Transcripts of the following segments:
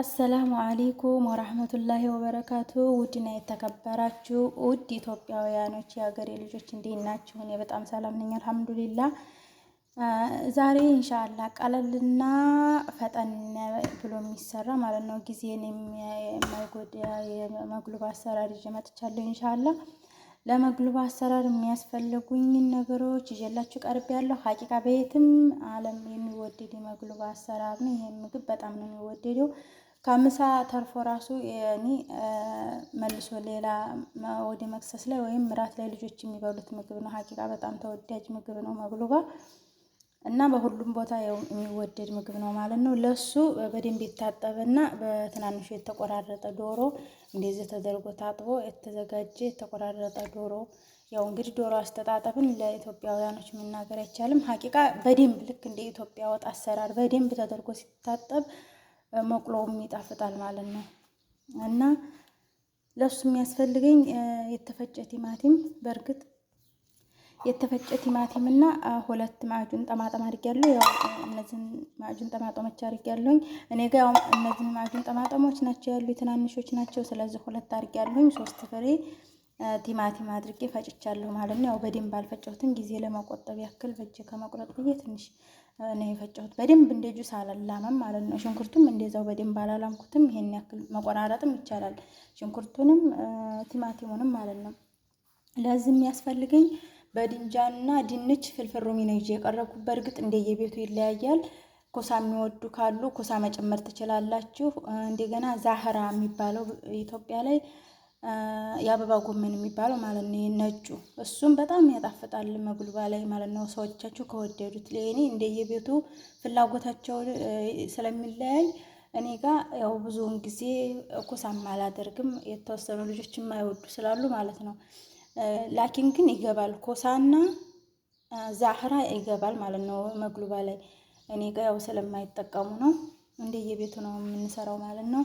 አሰላሙ አሌይኩም ወራህመቱላሂ ወበረካቱ። ውድና የተከበራችሁ ውድ ኢትዮጵያውያኖች የሀገሬ ልጆች እንዴት ናችሁ? እኔ በጣም ሰላም ነኝ አልሐምዱሊላ። ዛሬ እንሻላ ቀለልና ፈጠን ብሎ የሚሰራ ማለት ነው ጊዜን የማይጎዳ የመግሉብ አሰራር ይዤ መጥቻለሁ። እንሻላ ለመግሉብ አሰራር የሚያስፈልጉኝን ነገሮች ይዤላችሁ ቀርቤያለሁ። ሀቂቃ በየትም ዓለም የሚወደድ የመግሉብ አሰራር ነው። ይሄ ምግብ በጣም ነው የሚወደደው። ከምሳ ተርፎ ራሱ ኒ መልሶ ሌላ ወደ መክሰስ ላይ ወይም ምራት ላይ ልጆች የሚበሉት ምግብ ነው። ሀቂቃ በጣም ተወዳጅ ምግብ ነው መቅሉባ እና በሁሉም ቦታ የሚወደድ ምግብ ነው ማለት ነው። ለሱ በደንብ የታጠበና በትናንሹ የተቆራረጠ ዶሮ እንደዚህ ተደርጎ ታጥቦ የተዘጋጀ የተቆራረጠ ዶሮ ያው እንግዲህ ዶሮ አስተጣጠብን ለኢትዮጵያውያኖች መናገር አይቻልም። ሀቂቃ በደንብ ልክ እንደ ኢትዮጵያ ወጥ አሰራር በደንብ ተደርጎ ሲታጠብ መቁሎውም ይጣፍጣል ማለት ነው እና ለሱ የሚያስፈልገኝ የተፈጨ ቲማቲም በእርግጥ የተፈጨ ቲማቲም እና ሁለት ማዕጁን ጠማጠም አድርጊያለሁ። ያው እነዚህን ማዕጁን ጠማጠሞች አድርጊያለሁኝ እኔ ጋ እነዚህን ማዕጁን ጠማጠሞች ናቸው ያሉ ትናንሾች ናቸው። ስለዚህ ሁለት አድርጊያለሁኝ ሶስት ፍሬ ቲማቲም አድርጌ ፈጭቻለሁ ማለት ነው። ያው በደንብ አልፈጨሁትም፣ ጊዜ ለመቆጠብ ያክል በእጄ ከመቁረጥ ብዬ ትንሽ ነው የፈጨሁት። በደንብ እንደ ጁስ አላላመም ማለት ነው። ሽንኩርቱም እንደዛው በደንብ አላላምኩትም። ይሄን ያክል መቆራረጥም ይቻላል፣ ሽንኩርቱንም ቲማቲሙንም ማለት ነው። ለዚህ የሚያስፈልገኝ በድንጃና ድንች ፍልፍል ሩሚ ነው ይዤ የቀረብኩት። በእርግጥ እንደየቤቱ ይለያያል። ኮሳ የሚወዱ ካሉ ኮሳ መጨመር ትችላላችሁ። እንደገና ዛህራ የሚባለው ኢትዮጵያ ላይ የአበባ ጎመን የሚባለው ማለት ነው፣ ነጩ እሱም በጣም ያጣፍጣል። መጉልባ ላይ ማለት ነው ሰዎቻችሁ ከወደዱት ለእኔ እንደየቤቱ ፍላጎታቸው ስለሚለያይ እኔ ጋር ያው ብዙውን ጊዜ ኩሳም አላደርግም። የተወሰኑ ልጆች የማይወዱ ስላሉ ማለት ነው። ላኪን ግን ይገባል፣ ኮሳና ዛህራ ይገባል ማለት ነው መጉልባ ላይ። እኔ ጋ ያው ስለማይጠቀሙ ነው፣ እንደየቤቱ ነው የምንሰራው ማለት ነው።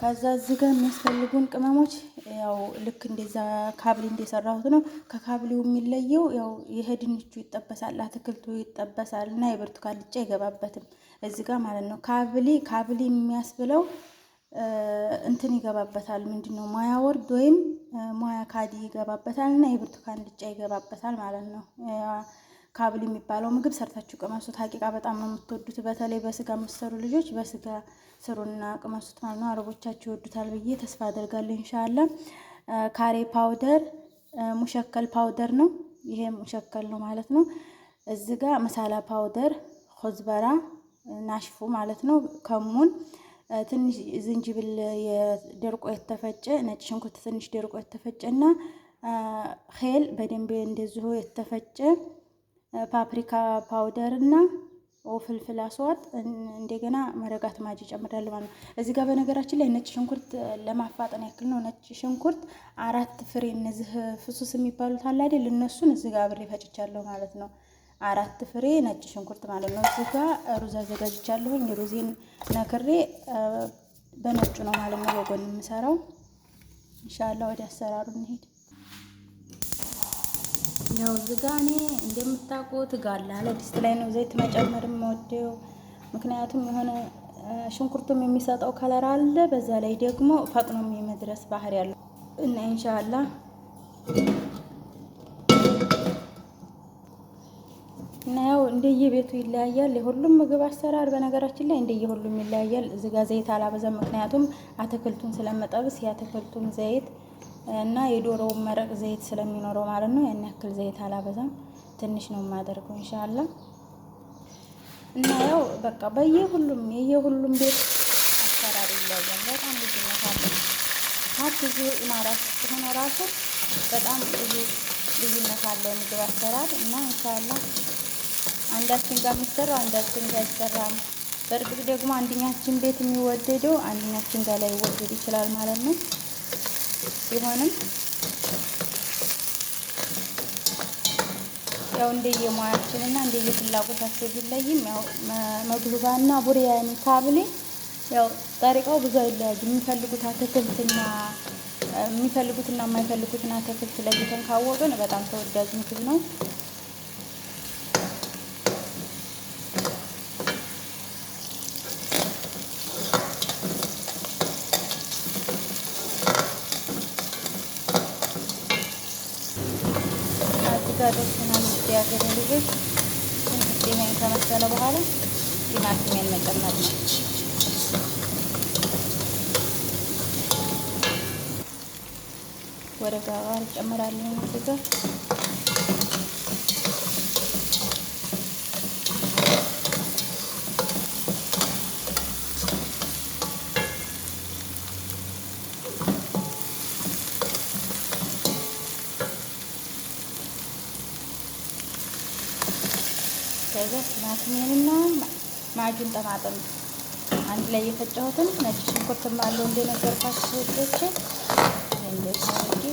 ከዛ እዚህ ጋር የሚያስፈልጉን ቅመሞች ያው ልክ እንደዛ ካብሊ እንደሰራሁት ነው። ከካብሊው የሚለየው ያው ይሄ ድንቹ ይጠበሳል፣ አትክልቱ ይጠበሳል እና የብርቱካን ልጫ አይገባበትም እዚህ ጋር ማለት ነው። ካብሊ ካብሊ የሚያስብለው እንትን ይገባበታል። ምንድን ነው ሙያ ወርድ ወይም ሙያ ካዲ ይገባበታል እና የብርቱካን ልጫ ይገባበታል ማለት ነው። ካብል የሚባለው ምግብ ሰርታችሁ ቅመሱት። ሀቂቃ በጣም ነው የምትወዱት። በተለይ በስጋ የምትሰሩ ልጆች በስጋ ስሩና ቅመሱት ማለት ነው። አረቦቻችሁ ይወዱታል ብዬ ተስፋ አደርጋለሁ። እንሻላ ካሬ ፓውደር ሙሸከል ፓውደር ነው ይሄ ሙሸከል ነው ማለት ነው። እዚህ ጋር መሳላ ፓውደር፣ ኮዝበራ ናሽፉ ማለት ነው። ከሙን ትንሽ ዝንጅብል ደርቆ የተፈጨ ነጭ ሽንኩርት ትንሽ ደርቆ የተፈጨ እና ሄል በደንብ እንደዚሁ የተፈጨ ፓፕሪካ ፓውደር እና ፍልፍል አስዋጥ እንደገና መረጋት ማጅ ይጨምራል ማለት ነው። እዚህ ጋር በነገራችን ላይ ነጭ ሽንኩርት ለማፋጠን ያክል ነው። ነጭ ሽንኩርት አራት ፍሬ እነዚህ ፍሱስ የሚባሉት አለ አይደል? እነሱን እዚህ ጋር አብሬ ፈጭቻለሁ ማለት ነው። አራት ፍሬ ነጭ ሽንኩርት ማለት ነው። እዚህ ጋር ሩዝ አዘጋጅቻለሁኝ። ሩዜን ነክሬ በነጩ ነው ማለት ነው በጎን የምሰራው። ኢንሻላህ ወደ አሰራሩ እንሄድ። ያው እዚህ ጋ እኔ እንደምታውቁት ጋላ ለድስት ላይ ነው ዘይት መጨመር የምወደው። ምክንያቱም የሆነ ሽንኩርቱም የሚሰጠው ከለር አለ፣ በዛ ላይ ደግሞ ፈጥኖም የመድረስ ባህሪ ያለ እና ኢንሻአላ እና ያው እንደየቤቱ ይለያያል። የሁሉም ምግብ አሰራር በነገራችን ላይ እንደየሁሉም ይለያያል። እዚህ ጋ ዘይት አላበዛም፣ ምክንያቱም አትክልቱን ስለመጠብስ የአትክልቱን ዘይት እና የዶሮውን መረቅ ዘይት ስለሚኖረው ማለት ነው ያን ያክል ዘይት አላበዛም፣ ትንሽ ነው የማደርገው ኢንሻአላህ። እና ያው በቃ በየሁሉም የየሁሉም ቤት አሰራር ይለያል። በጣም ልዩነት አለ። ብዙ ኢማራት ስትሆን ራሱ በጣም ብዙ ልዩነት አለ የምግብ አሰራር እና ኢንሻአላህ አንዳችን ጋር የሚሰራው አንዳችን ጋር አይሰራም። በእርግጥ ደግሞ አንደኛችን ቤት የሚወደደው አንድኛችን ጋር ላይወደድ ይችላል ማለት ነው። ቢሆንም ያው እንደየሙያችንና እንደየፍላጎታቸው ቢለይም ያው መግሉባ እና ቡሪያኒ ካብሌ ያው ጠሪቃው ብዙ አይለያይም። የሚፈልጉት አትክልትና የሚፈልጉትና የማይፈልጉትን አትክልት ለይተን ካወቅን በጣም ተወዳጅ ምግብ ነው። ወደ ጋር ጨምራለሁ እዛ ከዛ ቲማቲሜንና ማጁን ጠማጥም አንድ ላይ የፈጨሁትን ነጭ ሽንኩርትም አለው እንደነገርኳችሁ ልጆቼ እንደዚህ አድርጌ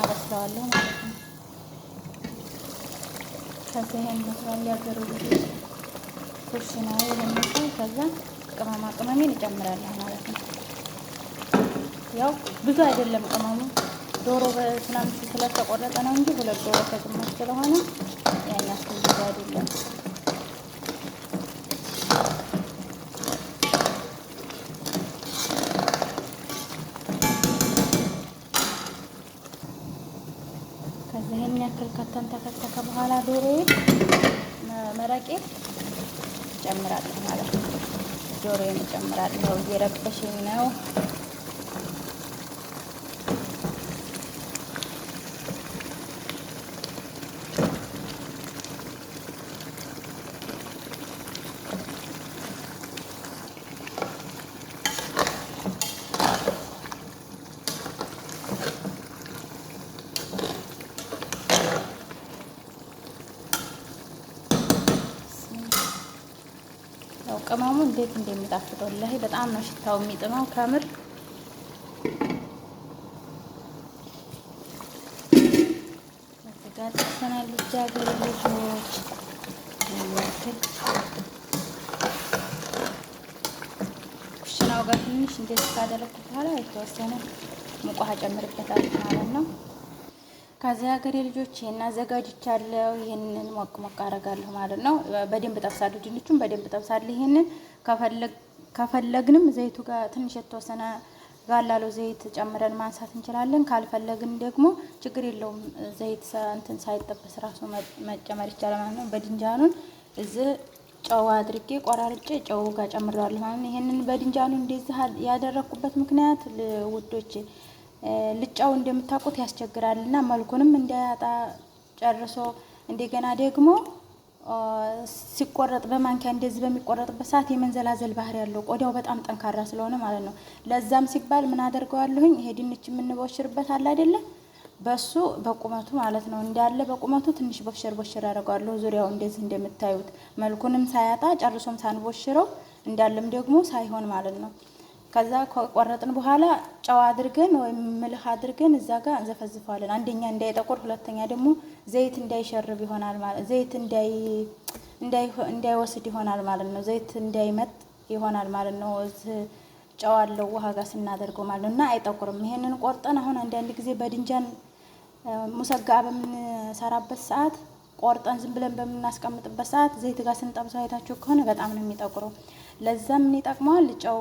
አበስለዋለሁ ማለት ነው። ከዛ ይሄን ይመስላል ያገሩ ልጆች ኩሽና ይሄን ይመስላል። ከዛ ቅመማ ቅመሜን እጨምራለሁ ማለት ነው። ያው ብዙ አይደለም ቅመሙ ዶሮ በትናንሽ ስለተቆረጠ ነው እንጂ ሁለት ዶሮ ከግማሽ ስለሆነ ያን ያክል ብዙ አይደለም። ዱቄት ጨምራለሁ ማለት ነው። ዶሮዬን ጨምራለሁ። እየረበሸኝ ነው። ቅመሙ እንዴት እንደሚጣፍጥ ወላሂ በጣም ነው ሽታው የሚጥመው ከምር። ጋር ጥሰናል ልጃገረዶች ያክል ኩሽናው ጋር ትንሽ እንደዚህ ካደረግኩት በኋላ የተወሰነ ሙቋሃ ጨምርበታል ማለት ነው። ከዚህ ሀገሬ ልጆች ይህን አዘጋጅቻለሁ። ይህንን ሞቅ ሞቅ አረጋለሁ ማለት ነው። በደንብ ጠብሳለሁ። ድንቹን በደንብ ጠብሳለሁ። ይህንን ከፈለግንም ዘይቱ ጋር ትንሽ የተወሰነ ጋላሎ ዘይት ጨምረን ማንሳት እንችላለን። ካልፈለግን ደግሞ ችግር የለውም። ዘይት እንትን ሳይጠበስ ራሱ መጨመር ይቻላል ማለት ነው። በድንጃኑን እዚህ ጨው አድርጌ ቆራርጬ ጨው ጋር ጨምሬዋለሁ ማለት ነው። ይህንን በድንጃኑ እንደዚህ ያደረግኩበት ምክንያት ውዶቼ ልጫው እንደምታውቁት ያስቸግራል እና መልኩንም እንዳያጣ ጨርሶ እንደገና ደግሞ ሲቆረጥ በማንኪያ እንደዚህ በሚቆረጥበት ሰዓት የመንዘላዘል ባህሪ ያለው ቆዳው በጣም ጠንካራ ስለሆነ ማለት ነው። ለዛም ሲባል ምን አደርገዋለሁኝ? ይሄ ድንች የምንቦሽርበት አለ አይደለም? በሱ በቁመቱ ማለት ነው እንዳለ በቁመቱ ትንሽ ቦሽር ቦሽር አደርገዋለሁ ዙሪያው እንደዚህ እንደምታዩት መልኩንም ሳያጣ ጨርሶም ሳንቦሽረው እንዳለም ደግሞ ሳይሆን ማለት ነው። ከዛ ከቆረጥን በኋላ ጨው አድርገን ወይም ምልህ አድርገን እዛ ጋር እንዘፈዝፈዋለን። አንደኛ እንዳይጠቁር፣ ሁለተኛ ደግሞ ዘይት እንዳይሸርብ ይሆናል ማለት ዘይት እንዳይወስድ ይሆናል ማለት ነው። ዘይት እንዳይመጥ ይሆናል ማለት ነው። ጨው አለው ውሃ ጋር ስናደርገው ማለት ነው እና አይጠቁርም። ይሄንን ቆርጠን አሁን አንዳንድ ጊዜ በድንጃን ሙሰጋ በምንሰራበት ሰዓት ቆርጠን ዝም ብለን በምናስቀምጥበት ሰዓት ዘይት ጋር ስንጠብሰው አይታችሁ ከሆነ በጣም ነው የሚጠቁረው። ለዛ ምን ይጠቅመዋል? ጨው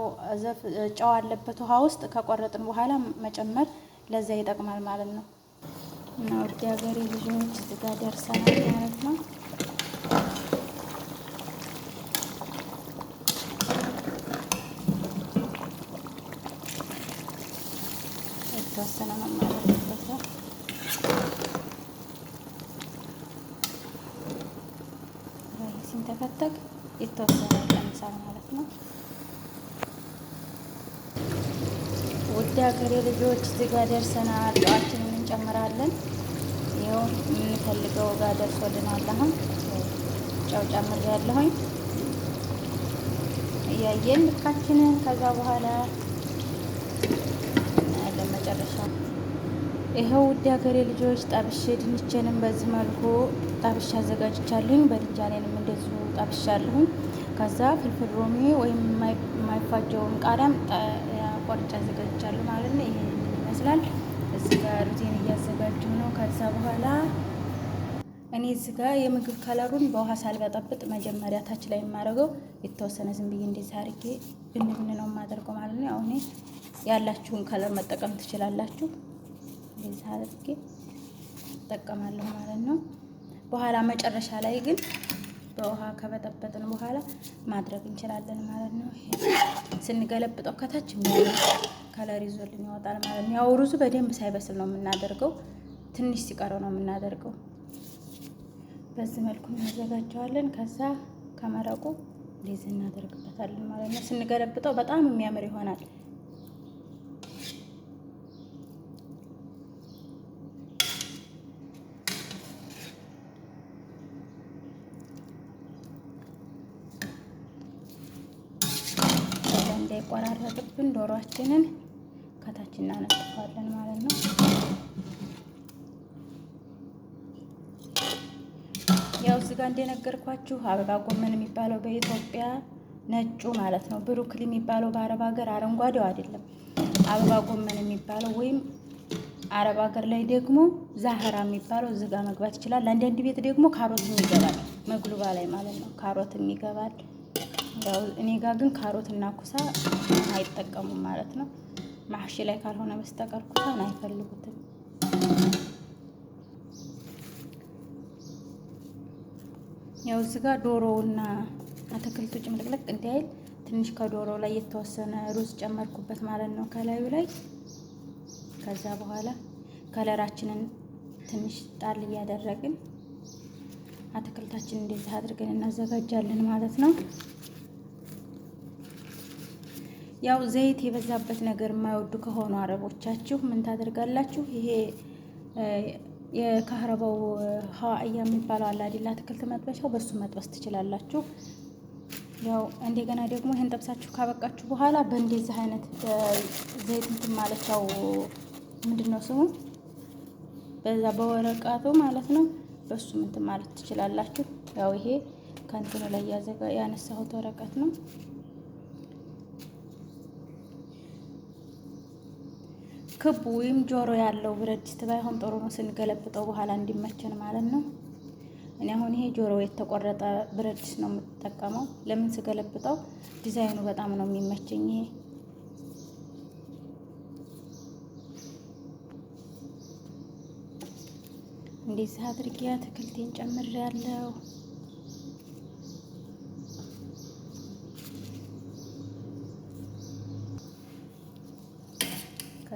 አለበት ውሃ ውስጥ ከቆረጥን በኋላ መጨመር ለዛ ይጠቅማል ማለት ነው። እና ወደ ሀገሬ ልጆች እዚጋ ደርሰናል ማለት ነው። የተወሰነ መማረበታል ሲንተፈተግ የተወሰነ ይቀንሳል ማለት ነው። ውድ ሀገሬ ልጆች እዚህ ጋር ደርሰናል። ጨዋችንን እንጨምራለን። ይኸው የምንፈልገው ጋር ደርሶልናል። አሁን ጨው ጨምር ያለሁኝ እያየን ልካችንን ከዛ በኋላ ያለን መጨረሻ ይኸው ውድ ሀገሬ ልጆች ጠብሼ ድንቼንም በዚህ መልኩ ጠብሼ አዘጋጅቻለሁኝ። ባድንጃኔንም እንደዚሁ ጠብሻለሁኝ። ከዛ ፍልፍል ሮሚ ወይም የማይፋጀውን ቃሪያም ቆርጬ አዘጋጅቻለሁ ማለት ነው። ይሄን ይመስላል። እዚህ ጋር ሩዜን እያዘጋጀሁ ነው። ከዛ በኋላ እኔ እዚህ ጋር የምግብ ከለሩን በውሃ ሳልበጠብጥ መጀመሪያ ታች ላይ የማደርገው የተወሰነ ዝም ብዬ እንደዚህ አድርጌ ብን ብን ነው የማደርገው ማለት ነው። አሁን ያላችሁን ከለር መጠቀም ትችላላችሁ። እንዴት አድርጌ እጠቀማለሁ ማለት ነው። በኋላ መጨረሻ ላይ ግን በውሃ ከበጠበጥን በኋላ ማድረግ እንችላለን ማለት ነው። ስንገለብጠው ከታች የሚያ ከለር ይዞልን ይወጣል ማለት ነው። ያው ሩዙ በደንብ ሳይበስል ነው የምናደርገው፣ ትንሽ ሲቀረው ነው የምናደርገው። በዚህ መልኩ እናዘጋጀዋለን። ከዛ ከመረቁ ሊዝ እናደርግበታለን ማለት ነው። ስንገለብጠው በጣም የሚያምር ይሆናል። ቆራረጥብን ዶሯችንን ከታች እናነጥፋለን ማለት ነው። ያው እዚህ ጋር እንደነገርኳችሁ አበባ ጎመን የሚባለው በኢትዮጵያ ነጩ ማለት ነው። ብሩክል የሚባለው በአረብ ሀገር አረንጓዴው አይደለም። አበባ ጎመን የሚባለው ወይም አረብ ሀገር ላይ ደግሞ ዛህራ የሚባለው እዚህ ጋር መግባት ይችላል። አንዳንድ ቤት ደግሞ ካሮት የሚገባል መግሉባ ላይ ማለት ነው። ካሮት የሚገባል እኔ ጋር ግን ካሮት እና ኩሳ አይጠቀሙም ማለት ነው። ማሽ ላይ ካልሆነ በስተቀር ኩሳን አይፈልጉትም። ያው እዚህ ጋር ዶሮውና አትክልቱ ጭምልቅልቅ እንዲያይል ትንሽ ከዶሮ ላይ የተወሰነ ሩዝ ጨመርኩበት ማለት ነው ከላዩ ላይ። ከዛ በኋላ ከለራችንን ትንሽ ጣል እያደረግን አትክልታችንን እንደዚህ አድርገን እናዘጋጃለን ማለት ነው። ያው ዘይት የበዛበት ነገር የማይወዱ ከሆኑ አረቦቻችሁ ምን ታደርጋላችሁ? ይሄ የካህረባው ሀዋእያ የሚባለው አላዲላ አይደል? አትክልት መጥበሻው በሱ መጥበስ ትችላላችሁ። ያው እንደገና ደግሞ ይህን ጠብሳችሁ ካበቃችሁ በኋላ በእንደዚህ አይነት ዘይት እንትን ማለት ምንድን ነው ስሙ በዛ በወረቀቱ ማለት ነው። በሱ ምንትን ማለት ትችላላችሁ። ያው ይሄ ከንትኑ ላይ ያነሳሁት ወረቀት ነው። ክብ ወይም ጆሮ ያለው ብረት ድስት ባይሆን ጥሩ ነው፣ ስንገለብጠው በኋላ እንዲመቸን ማለት ነው። እኔ አሁን ይሄ ጆሮ የተቆረጠ ብረት ድስት ነው የምጠቀመው። ለምን ስገለብጠው ዲዛይኑ በጣም ነው የሚመቸኝ ይሄ እንደዚህ አድርጌ አትክልቴን ጨምሬያለሁ።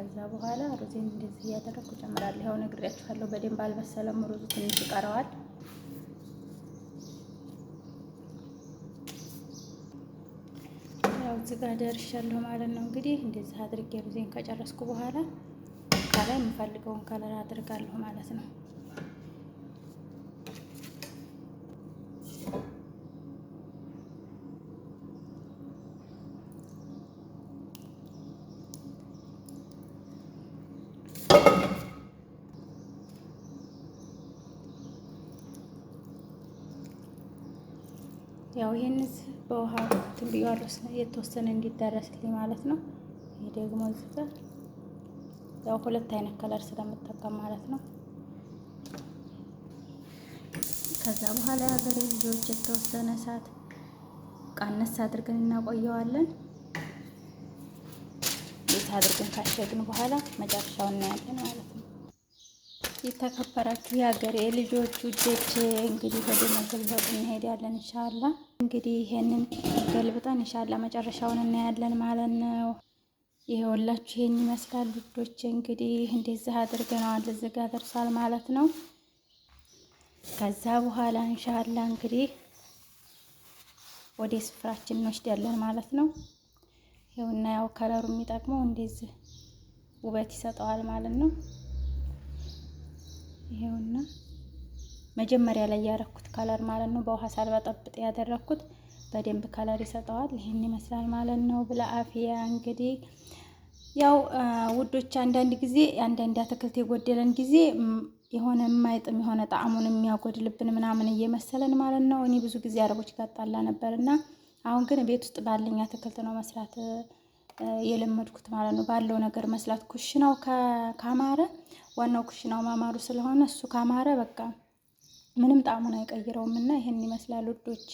ከዛ በኋላ ሩዜን እንደዚህ እያደረግኩ ጨምራለሁ። ያው ነግሬያችኋለሁ፣ በደንብ አልበሰለም ሩዙ ትንሽ ይቀረዋል። ያው እዚህ ጋር ደርሻለሁ ማለት ነው። እንግዲህ እንደዚህ አድርጌ ሩዜን ከጨረስኩ በኋላ ከላይ የምፈልገውን ከለር አድርጋለሁ ማለት ነው። ያው ይህን በውሃ ትንብዩ የተወሰነ እንዲደረስልኝ ማለት ነው። ይህ ደግሞ ዝጋ ያው ሁለት አይነት ከለር ስለምጠቀም ማለት ነው። ከዛ በኋላ የሀገሬ ልጆች የተወሰነ ሰዓት ቃነስ አድርገን እናቆየዋለን። ቤት አድርገን ካሸግን በኋላ መጨረሻውን እናያለን ማለት ነው። የተከበራችሁ የሀገሬ ልጆች ውዶች፣ እንግዲህ ወደ መገልበጥ እንሄዳለን እንሻላ። እንግዲህ ይሄንን ገልብጠን እንሻላ መጨረሻውን እናያለን ማለት ነው። ይሄውላችሁ ይሄን ይመስላል ውዶች። እንግዲህ እንደዚህ አድርገነዋል እዚህ ጋ ደርሷል ማለት ነው። ከዛ በኋላ እንሻላ እንግዲህ ወደ ስፍራችን እንወስዳለን ማለት ነው። ይኸውና ያው ከለሩ የሚጠቅመው እንደዚህ ውበት ይሰጠዋል ማለት ነው። መጀመሪያ ላይ ያረኩት ከለር ማለት ነው። በውሃ ሳልበጠብጥ ያደረኩት በደንብ ከለር ይሰጠዋል። ይህን ይመስላል ማለት ነው። አፍያ እንግዲህ ያው ውዶች፣ አንዳንድ ጊዜ አንዳንድ አትክልት የጎደለን ጊዜ የሆነ የማይጥም የሆነ ጣዕሙን የሚያጎድልብን ምናምን እየመሰለን ማለት ነው። እኔ ብዙ ጊዜ አረቦች ጋር ጣላ ነበር እና አሁን ግን ቤት ውስጥ ባለኝ አትክልት ነው መስራት የለመድኩት ማለት ነው። ባለው ነገር መስላት ኩሽናው ካማረ ዋናው ኩሽናው ማማሩ ስለሆነ እሱ ካማረ በቃ ምንም ጣዕሙን አይቀይረውም። እና ይህን ይመስላል ውዶቼ።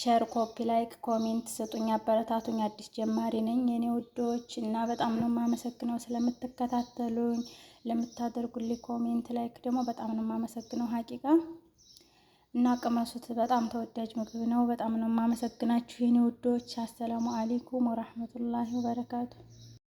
ሸር፣ ኮፒ፣ ላይክ፣ ኮሜንት ስጡኝ፣ አበረታቱኝ። አዲስ ጀማሪ ነኝ የኔ ውዶች እና በጣም ነው የማመሰግነው ስለምትከታተሉኝ፣ ለምታደርጉልኝ ኮሜንት፣ ላይክ ደግሞ በጣም ነው የማመሰግነው ሀቂቃ እና ቅመሱት። በጣም ተወዳጅ ምግብ ነው። በጣም ነው የማመሰግናችሁ የኔ ውዶች። አሰላሙ አሌይኩም ወራህመቱላሂ ወበረካቱ።